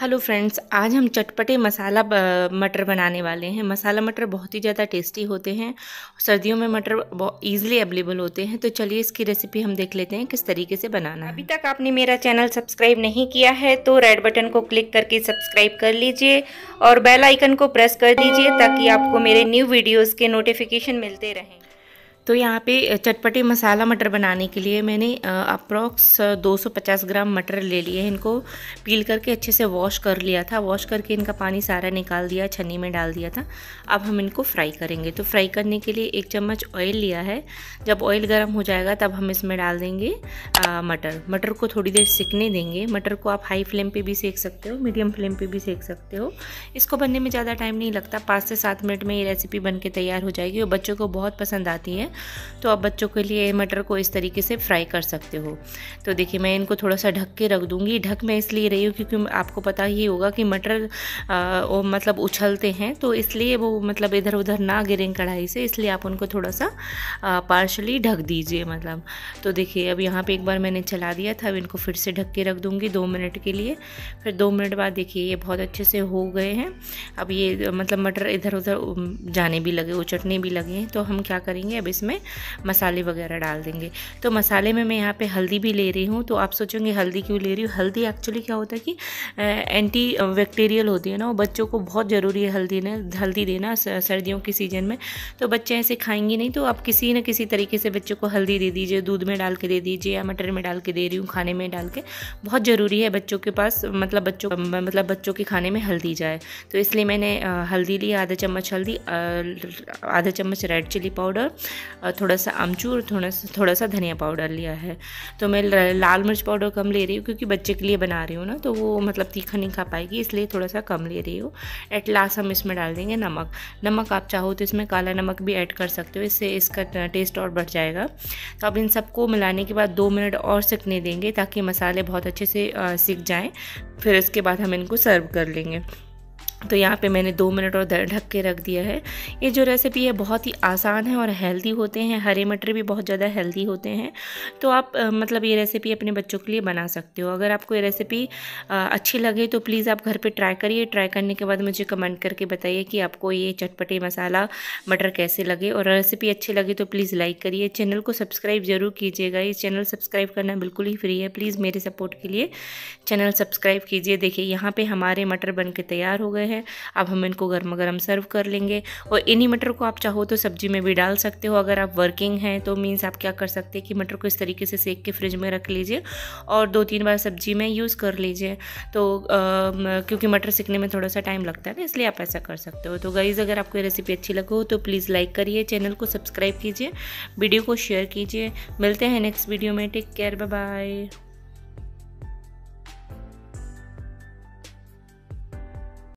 hello friends आज हम चटपटे मसाला मटर बनाने वाले हैं मसाला मटर बहुत ही ज़्यादा टेस्टी होते हैं सर्दियों में मटर ईजिली अवेलेबल होते हैं तो चलिए इसकी रेसिपी हम देख लेते हैं किस तरीके से बनाना अभी तक आपने मेरा चैनल सब्सक्राइब नहीं किया है तो रेड बटन को क्लिक करके सब्सक्राइब कर लीजिए और बेल आइकन को प्रेस कर दीजिए ताकि आपको मेरे न्यू वीडियोज़ के नोटिफिकेशन मिलते रहें तो यहाँ पे चटपटे मसाला मटर बनाने के लिए मैंने अप्रॉक्स 250 ग्राम मटर ले लिए इनको पील करके अच्छे से वॉश कर लिया था वॉश करके इनका पानी सारा निकाल दिया छन्नी में डाल दिया था अब हम इनको फ्राई करेंगे तो फ्राई करने के लिए एक चम्मच ऑयल लिया है जब ऑयल गर्म हो जाएगा तब हम इसमें डाल देंगे आ, मटर मटर को थोड़ी देर सिकने देंगे मटर को आप हाई फ्लेम पर भी सेक सकते हो मीडियम फ्लेम पर भी सेक सकते हो इसको बनने में ज़्यादा टाइम नहीं लगता पाँच से सात मिनट में ये रेसिपी बन के तैयार हो जाएगी और बच्चों को बहुत पसंद आती है तो आप बच्चों के लिए मटर को इस तरीके से फ्राई कर सकते हो तो देखिए मैं इनको थोड़ा सा ढक के रख दूँगी ढक मैं इसलिए रही हूँ क्योंकि आपको पता ही होगा कि मटर मतलब उछलते हैं तो इसलिए वो मतलब इधर उधर ना गिरें कढ़ाई से इसलिए आप उनको थोड़ा सा पार्शली ढक दीजिए मतलब तो देखिए अब यहाँ पर एक बार मैंने चला दिया था अब इनको फिर से ढक के रख दूँगी दो मिनट के लिए फिर दो मिनट बाद देखिए ये बहुत अच्छे से हो गए हैं अब ये मतलब मटर इधर उधर जाने भी लगे उचटने भी लगे हैं तो हम क्या करेंगे अब इस इसमें मसाले वगैरह डाल देंगे तो मसाले में मैं यहाँ पे हल्दी भी ले रही हूँ तो आप सोचेंगे हल्दी क्यों ले रही हूँ हल्दी एक्चुअली क्या होता है कि एंटी बैक्टीरियल होती है ना वो बच्चों को बहुत ज़रूरी है हल्दी ने हल्दी देना सर्दियों के सीज़न में तो बच्चे ऐसे खाएंगे नहीं तो आप किसी न किसी तरीके से बच्चों को हल्दी दे दीजिए दूध में डाल के दे दीजिए या मटर में डाल के दे रही हूँ खाने में डाल के बहुत ज़रूरी है बच्चों के पास मतलब बच्चों मतलब बच्चों के खाने में हल्दी जाए तो इसलिए मैंने हल्दी ली आधा चम्मच हल्दी आधा चम्मच रेड चिली पाउडर थोड़ा सा अमचूर थोड़ा सा थोड़ा सा धनिया पाउडर लिया है तो मैं लाल मिर्च पाउडर कम ले रही हूँ क्योंकि बच्चे के लिए बना रही हूँ ना तो वो मतलब तीखा नहीं खा पाएगी इसलिए थोड़ा सा कम ले रही हूँ एट लास्ट हम इसमें डाल देंगे नमक नमक आप चाहो तो इसमें काला नमक भी ऐड कर सकते हो इससे इसका टेस्ट और बढ़ जाएगा तो अब इन सबको मिलाने के बाद दो मिनट और सिकने देंगे ताकि मसाले बहुत अच्छे से सीख जाएँ फिर इसके बाद हम इनको सर्व कर लेंगे तो यहाँ पे मैंने दो मिनट और ढक के रख दिया है ये जो रेसिपी है बहुत ही आसान है और हेल्दी होते हैं हरे मटर भी बहुत ज़्यादा हेल्दी होते हैं तो आप मतलब ये रेसिपी अपने बच्चों के लिए बना सकते हो अगर आपको ये रेसिपी अच्छी लगे तो प्लीज़ आप घर पे ट्राई करिए ट्राई करने के बाद मुझे कमेंट करके बताइए कि आपको ये चटपटे मसाला मटर कैसे लगे और रेसिपी अच्छी लगे तो प्लीज़ लाइक करिए चैनल को सब्सक्राइब ज़रूर कीजिएगा ये चैनल सब्सक्राइब करना बिल्कुल ही फ्री है प्लीज़ मेरे सपोर्ट के लिए चैनल सब्सक्राइब कीजिए देखिए यहाँ पर हमारे मटर बन तैयार हो गए हैं अब हम इनको गर्मा गर्म सर्व कर लेंगे और इन्हीं मटर को आप चाहो तो सब्जी में भी डाल सकते हो अगर आप वर्किंग हैं तो मीन्स आप क्या कर सकते हैं कि मटर को इस तरीके से सेक के फ्रिज में रख लीजिए और दो तीन बार सब्जी में यूज़ कर लीजिए तो क्योंकि मटर सीखने में थोड़ा सा टाइम लगता है ना इसलिए आप ऐसा कर सकते हो तो गाइज़ अगर आपको ये रेसिपी अच्छी लगे हो तो प्लीज़ लाइक करिए चैनल को सब्सक्राइब कीजिए वीडियो को शेयर कीजिए मिलते हैं नेक्स्ट वीडियो में टेक केयर बाय